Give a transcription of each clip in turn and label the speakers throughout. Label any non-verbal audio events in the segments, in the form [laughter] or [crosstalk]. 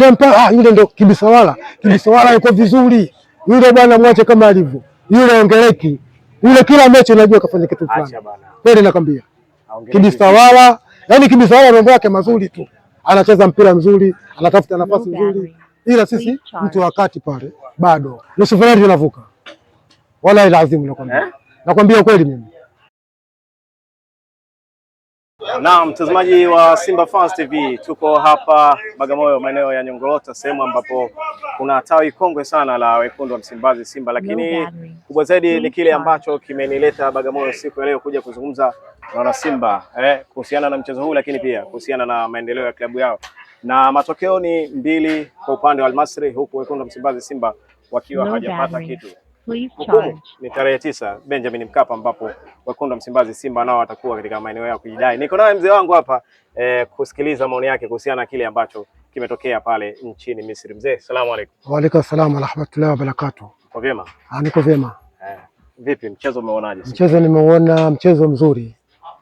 Speaker 1: baadaye yaani mpaka ah, yule ndo Kibisawala. Eh. Kibisawala yuko vizuri yule bwana, mwache kama alivyo yule, ongeleki yule, kila mechi unajua kafanya kitu fulani kweli, nakwambia Kibisawala. Yani Kibisawala mambo yake mazuri tu, anacheza mpira mzuri, anatafuta nafasi nzuri, ila sisi mtu wakati pale bado nusu fainali tunavuka, wala lazima nakwambia eh? nakwambia kweli mimi
Speaker 2: Naam, mtazamaji wa Simba Fans TV, tuko hapa Bagamoyo, maeneo ya Nyongolota, sehemu ambapo kuna tawi kongwe sana la wekundu wa Msimbazi Simba, lakini kubwa zaidi ni kile ambacho kimenileta Bagamoyo siku ya leo kuja kuzungumza na wana Simba eh, kuhusiana na mchezo huu, lakini pia kuhusiana na maendeleo ya klabu yao, na matokeo ni mbili kwa upande wa Almasri, huku wekundu wa Msimbazi Simba wakiwa hawajapata kitu ni tarehe tisa Benjamin Mkapa, ambapo wekundu wa Msimbazi Simba nao watakuwa katika maeneo yao kujidai. Niko naye mzee wangu hapa eh, kusikiliza maoni yake kuhusiana na kile ambacho kimetokea pale nchini Misri. Mzee, salamu alaykum.
Speaker 1: Wa alaykum salaam wa rahmatullahi wa barakatuh. vyema? Ah, niko vyema. Eh,
Speaker 2: vipi mchezo umeonaje?
Speaker 1: Mchezo nimeuona mchezo mzuri,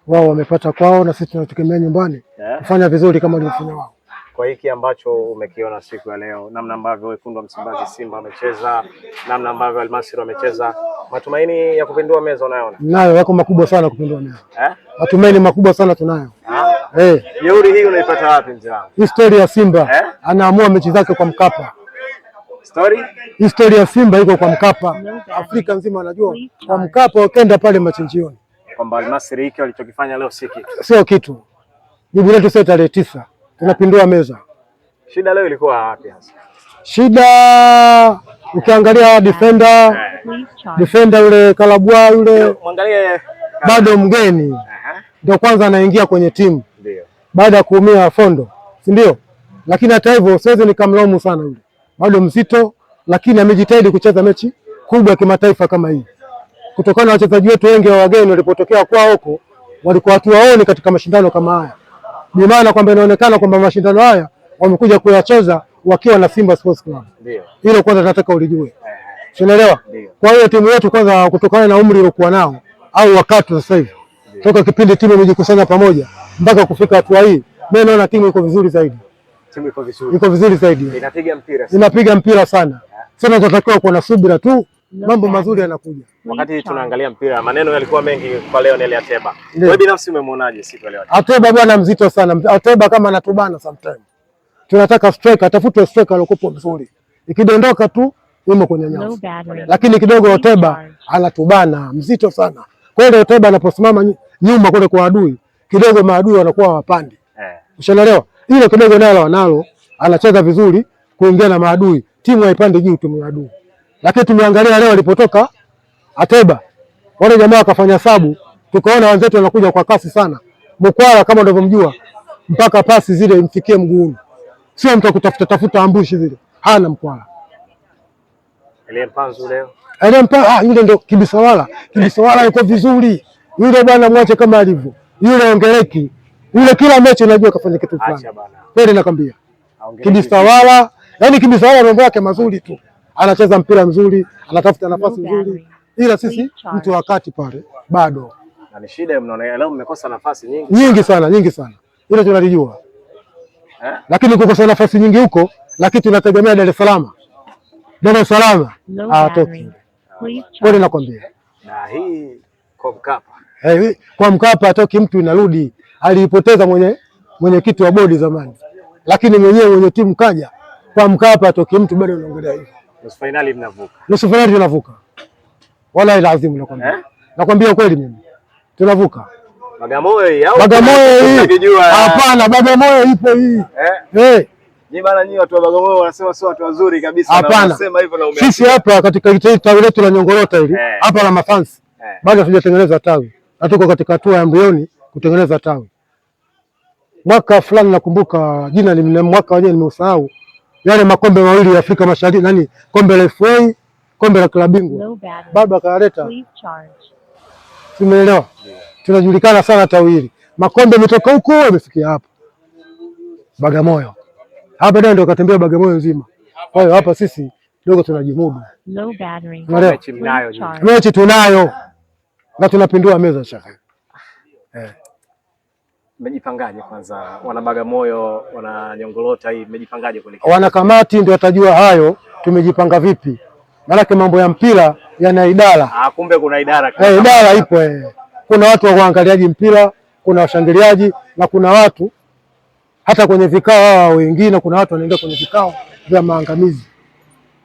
Speaker 1: wao wamepata kwao na sisi tunategemea nyumbani eh. kufanya yeah, vizuri kama walivyofanya wao
Speaker 2: kwa hiki ambacho umekiona siku ya leo, namna ambavyo wekundu wa Msimbazi Simba wamecheza, namna ambavyo Almasiri wamecheza, matumaini ya kupindua meza unayoona?
Speaker 1: Nayo yako makubwa sana kupindua meza eh? matumaini makubwa sana tunayo ah? eh.
Speaker 2: Jeuri hii unaipata wapi mzee wangu?
Speaker 1: Historia ya Simba eh? anaamua mechi zake kwa Mkapa. Story? Historia ya Simba iko kwa Mkapa, Afrika nzima anajua kwa Mkapa, ukenda pale machinjioni
Speaker 2: kwamba Almasiri hiki walichokifanya leo si kitu,
Speaker 1: sio kitu. Jibu letu sio tarehe tisa tunapindua meza.
Speaker 2: Shida leo ilikuwa wapi hasa?
Speaker 1: Shida ukiangalia defender defender yule Kalabwa yule mwangalie bado mgeni ndio kwanza anaingia kwenye timu baada ya kuumia Fondo, si ndio? Lakini hata hivyo siwezi nikamlaumu sana yule, bado mzito, lakini amejitahidi kucheza mechi kubwa ya kimataifa kama hii, kutokana na wachezaji wetu wengi wa wageni walipotokea kwao huko walikuwa hatuwaoni katika mashindano kama haya. Ni maana kwamba inaonekana kwamba mashindano haya wamekuja kuyacheza wakiwa na Simba Sports Club. Ndio. Hilo kwanza nataka ulijue. Eh, eh. Unaelewa? Kwa hiyo timu yetu kwanza, kutokana na umri uliokuwa nao au wakati sasa hivi toka kipindi timu imejikusanya pamoja mpaka kufika hatua hii, mimi naona timu iko vizuri zaidi,
Speaker 2: timu iko vizuri,
Speaker 1: iko vizuri zaidi,
Speaker 2: inapiga mpira,
Speaker 1: inapiga mpira sana. Eh. Sasa tunatakiwa kuwa na subira tu mambo mazuri yanakuja.
Speaker 2: Wakati tunaangalia mpira, maneno yalikuwa mengi kwa Leonel Ateba. Wewe binafsi umemwonaje siku ya leo?
Speaker 1: Ateba bwana mzito sana. Ateba kama anatubana sometimes. Tunataka striker, atafutwe striker aliyokuwa mzuri. Ikidondoka tu yumo kwenye nyasi. Lakini kidogo Ateba anatubana mzito sana. Kweli Ateba anaposimama nyuma kule kwa adui, kidogo maadui wanakuwa wapande. Eh. Ushaelewa? Hilo kidogo nalo analo, anacheza vizuri kuingia na maadui. Timu haipande juu, timu ya adui lakini tumeangalia leo walipotoka Ateba wale jamaa wakafanya sabu, tukaona wenzetu wanakuja kwa kasi sana. Mkwara kama unavyomjua, mpaka pasi zile imfikie mguuni, sio mtu akutafuta tafuta ambushi zile, hana Mkwara ah, yule ndo kibisawala. Kibisawala yuko vizuri yule bwana, mwache kama alivyo yule, ongeleki yule, kila mechi unajua kafanya kitu fulani kweli, nakwambia kibisawala, yani kibisawala mambo yake mazuri tu anacheza mpira mzuri, anatafuta nafasi nzuri, ila sisi mtu wa kati pale bado
Speaker 2: na ni shida. Mnaona leo mmekosa nafasi nyingi
Speaker 1: nyingi sana nyingi sana, ila tunalijua eh? Lakini kukosa nafasi nyingi huko, lakini tunategemea Dar es Salaam, Dar es Salaam atoki ah, kweli, nakwambia
Speaker 2: na hii kwa Mkapa
Speaker 1: hey, eh, kwa Mkapa atoki mtu, inarudi alipoteza mwenye mwenyekiti wa bodi zamani, lakini mwenyewe mwenye timu kaja kwa Mkapa atoki mtu, bado anaongelea hivi
Speaker 2: nusu finali mnavuka,
Speaker 1: nusu finali tunavuka, Wala wallahi alazim, nakwambia eh? nakwambia ukweli mimi, tunavuka
Speaker 2: Bagamoyo hii au
Speaker 1: Bagamoyo hii? Hapana, Bagamoyo ipo hii eh? Eh.
Speaker 2: Ni bana nyinyi watu wa Bagamoyo wanasema sio watu wazuri kabisa.
Speaker 1: Hapana, sisi hapa katika tawi letu la Nyongorota hili eh. hapa la mafansi eh, bado hatujatengeneza tawi na tuko katika hatua ya mbioni kutengeneza tawi. Mwaka fulani nakumbuka jina ni mwaka wenyewe nimeusahau yale makombe mawili ya Afrika Mashariki, nani, kombe la FA, kombe la klabu bingwa bado akaleta. Tumeelewa, tunajulikana sana tawili, makombe yametoka huko yamefikia hapa Bagamoyo, hapa ndio katembea Bagamoyo nzima. Kwa hiyo hapa sisi dogo tunajimudu, mechi tunayo na tunapindua meza shaka eh
Speaker 2: mmejipangaje kwanza, wana Bagamoyo, wana Nyongolota hii mmejipangaje kuelekea?
Speaker 1: Wana kamati ndio watajua hayo, tumejipanga vipi, maanake mambo ya mpira yana idara.
Speaker 2: Ah, kumbe kuna idara
Speaker 1: kama eh, idara ipo eh. Kuna watu wa kuangaliaji mpira, kuna washangiliaji na kuna watu hata kwenye vikao hawa wengine, kuna watu wanaingia kwenye vikao vya maangamizi.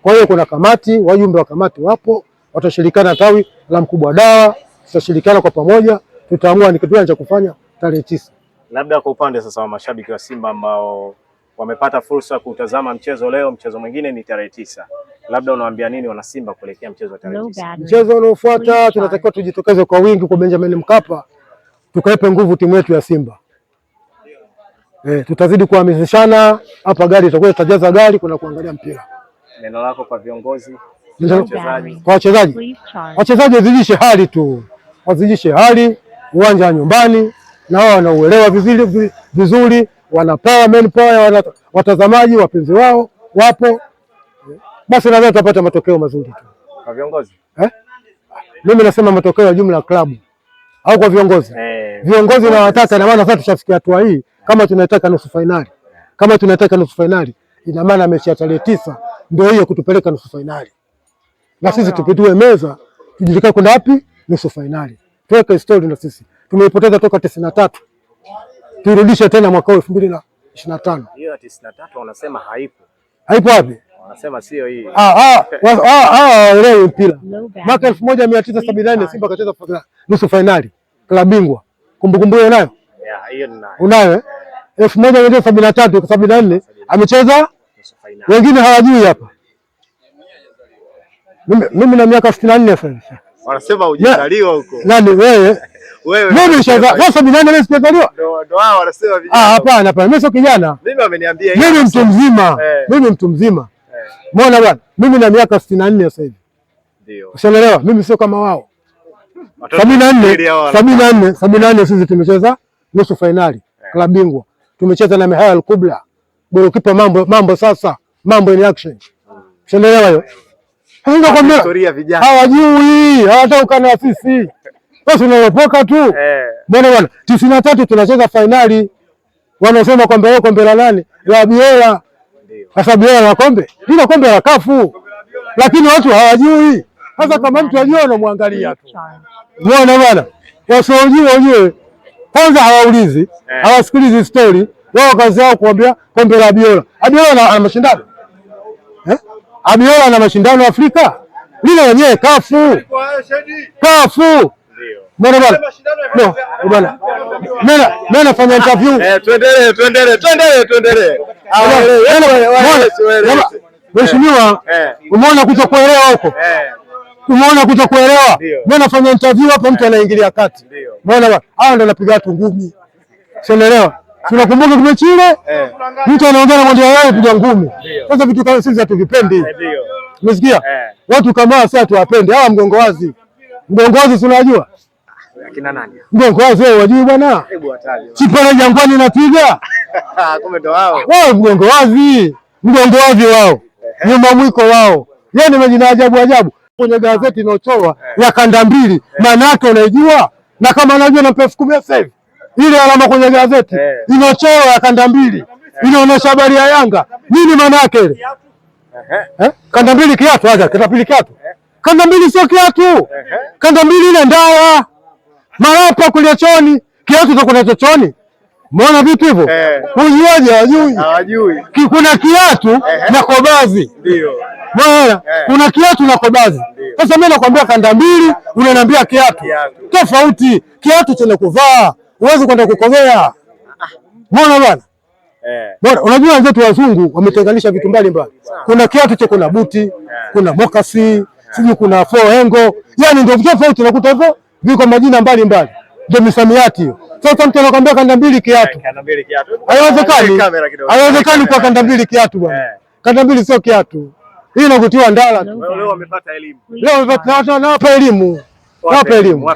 Speaker 1: Kwa hiyo kuna kamati, wajumbe wa kamati wapo, watashirikiana tawi la mkubwa dawa, tutashirikiana kwa pamoja, tutaamua ni kitu gani cha kufanya tarehe tisa.
Speaker 2: Labda kwa upande sasa wa mashabiki wa Simba ambao wamepata fursa kutazama mchezo leo, mchezo mwingine ni tarehe tisa, labda unawaambia nini wana Simba kuelekea mchezo wa tarehe tisa?
Speaker 1: Mchezo unaofuata tunatakiwa tujitokeze kwa wingi kwa Benjamin Mkapa, tukaipe nguvu timu yetu ya Simba. Eh, tutazidi kuhamasishana hapa, gari tutakuwa tutajaza gari, kuna kuangalia mpira.
Speaker 2: Neno lako kwa viongozi
Speaker 1: kwa wachezaji, wachezaji wazidishe hali tu, wazidishe hali, uwanja wa nyumbani na wao wanauelewa vizuri, vizuri wanapawa power, wana watazamaji wapenzi wao wapo, basi nadhani tutapata matokeo mazuri tu kwa viongozi eh? Mimi nasema matokeo ya jumla ya klabu au kwa viongozi eh, viongozi na nawataka. na maana sasa tushafikia hatua hii, kama tunataka nusu fainali, kama tunataka nusu fainali, ina maana mechi ya tarehe tisa ndio hiyo kutupeleka nusu fainali, na sisi tupindue meza, tujulikane kwenda wapi, nusu fainali, tuweke story na sisi tumeipoteza toka tisini na tatu tuirudishe tena mwaka huu elfu mbili na ishirini na tano
Speaker 2: hiyo ya tisini na tatu wanasema haipo. Haipo wapi? Wanasema sio hii.
Speaker 1: Ah ah, [laughs] ah, ah, waelewi mpira. Mwaka elfu moja mia tisa sabini na nne Simba akacheza nusu fainali klabu bingwa, kumbukumbu hiyo unayo? Unayo? Eh? elfu moja mia tisa sabini na tatu sabini na nne amecheza, wengine hawajui hapa. Mimi na miaka sitini na nne sasa.
Speaker 2: Wanasema hujazaliwa huko.
Speaker 1: Nani wewe? Hapana, hapana, mimi sio kijana, mimi mtu mzima, eh. mimi mtu mzima. Eh. Umeona bwana, mimi na miaka sitini na nne sasa hivi, ushaelewa? Mimi sio kama wao sabini na nne sabini na nne sabini na nne sisi tumecheza nusu fainali klabu eh. bingwa, tumecheza na Mehal Kubla, golikipa mambo mambo, sasa mambo in action, ushaelewa hiyo? Hawajui, hawataka na sisi basi unaepoka tu. Eh. Mbona bwana? 93 tunacheza finali. Wanasema kwamba yeye kombe la nani? La Biola. Ndio. Sasa Biola na kombe? Ndio kombe la kafu. Lakini watu hawajui. Sasa kama mtu ajue, anamwangalia tu. mbona bwana? Wasiojua wenyewe kwanza hawaulizi, eh. hawasikilizi story. Wao kazi yao kuambia kombe la Biola. Abiola ana mashindano. Eh? Abiola ana mashindano Afrika. Lile wenyewe kafu. Kafu. Bwana eh, bwana. No, bwana. Mimi mimi nafanya interview.
Speaker 2: Eh, tuendelee, tuendelee, tuendelee, tuendelee. Ah,
Speaker 1: mheshimiwa, eh. umeona kuto kuelewa huko? Eh. Umeona kuto kuelewa? Mimi nafanya interview hapo, mtu anaingilia kati. Bwana bwana, hawa ndio napiga watu ngumi. Sielewa. Tunakumbuka Eh. mtu anaongea na mwambia yeye piga ngumi. Sasa vitu kama sisi hatuvipendi. Eh, ndio. Umesikia? Eh. Watu kama sasa hatuwapendi. Hawa mgongo wazi. Mgongo wazi tunajua. Kina nani? Mgongo wazee wajui bwana. Hebu wataje. Chipole Jangwani napiga. [laughs] Kumbe ndo wao. Wao mgongo wazi. Mgongo wazi wao. Nyuma mwiko wao. yani majina ajabu ajabu kwenye gazeti inayochorwa ya kanda mbili, maana yake unaijua? Na kama anajua na elfu kumi sasa hivi. Ile alama kwenye gazeti inayochorwa ya kanda mbili inaonyesha habari ya Yanga. Nini maana yake ile? Eh? Kanda mbili kiatu acha, kitapili kiatu. Kanda mbili sio kiatu. Kanda mbili ile ndawa. Marapa kulia choni, kiatu utakwenda chochoni. Umeona vitu hivyo? Eh. Hujuaje hajui. Hawajui. Eh. Kuna kiatu na kobazi. Ndio. Bora, kuna kiatu na kobazi. Sasa mimi nakwambia kanda mbili, unaniambia kiatu. Tofauti, kiatu chenye kuvaa, huwezi kwenda kukovea. Ah. Umeona bwana? Eh. Bwana, unajua wenzetu wazungu wametenganisha vitu mbalimbali. Kuna kiatu cha kuna buti, eh. kuna mokasi, sijui kuna four angle. Yaani ndio tofauti nakuta hivyo viko majina mbalimbali, ndio misamiati hiyo. Sasa mtu anakwambia kanda mbili kiatu, haiwezekani, haiwezekani kwa kanda mbili kiatu bwana. Eh. Kanda mbili sio kiatu, hii inakutiwa ndala tu. Leo wamepata elimu, leo wamepata, nawapa elimu, nawapa eh. elimu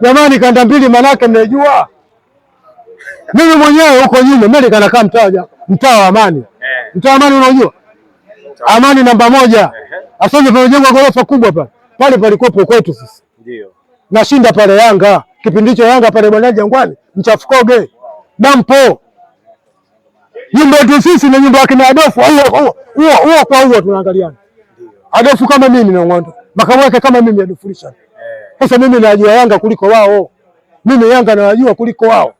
Speaker 1: jamani. Kanda mbili manake mnajua mimi mwenyewe huko nyuma mimi kanakaa mtaa mtaa wa Amani eh. mtaa wa Amani unajua? Amani namba moja yeah. asante pamejengwa gorofa kubwa pale pale palikuwepo kwetu sisi ndio nashinda pale Yanga kipindi hicho Yanga pale bwana Jangwani mchafukoge dampo nyumba yetu sisi na nyumba yake na Adofu huo huo kwa huo tunaangaliana. Adofu kama mimi na Ng'ondo makamu wake kama mimi Adofu Sasa mimi najua Yanga kuliko wao, mimi Yanga nawajua kuliko wao.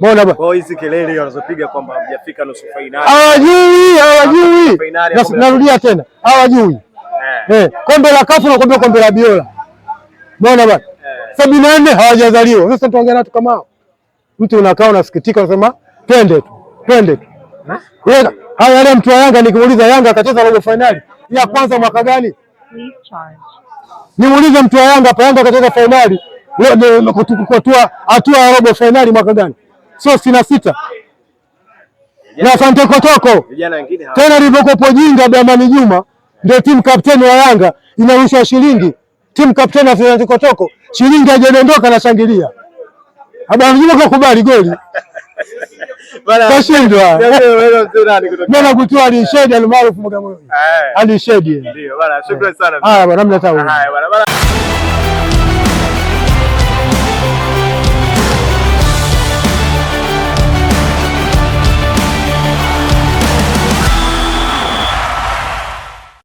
Speaker 1: Mbona ba
Speaker 2: kwa hizi kelele wanazopiga kwamba hajafika nusu finali,
Speaker 1: hawajui hawajui, narudia tena hawajui. Eh. eh, kombe la kafu na kombe la biola Umeona bwana? Sabini na nne hawajazaliwa. Sasa tuongea na watu kama hao. Mtu unakaa unasikitika unasema twende tu. Twende tu. Na? haya yale mtu wa Yanga nikimuuliza Yanga akacheza robo finali ya mm. kwanza mwaka gani? Nimuulize mtu wa Yanga hapa Yanga akacheza finali kutua hatua ya robo finali mwaka gani? Sio sitini na sita. Na Asante Kotoko. Tena lilivyokopo jinga Abdulrahman Juma ndio timu kapteni wa Yanga inarusha shilingi timu kapteni Ferdinand Kotoko, shilingi hajaondoka anashangilia. Habari kwa kubali goli. Kashindwa. Mimi nakutoa Ali Shedi almaarufu Bagamoyo. Eh. Ali Shedi. Ndio bana, shukrani sana. Haya bana, mna tabu. Haya bana.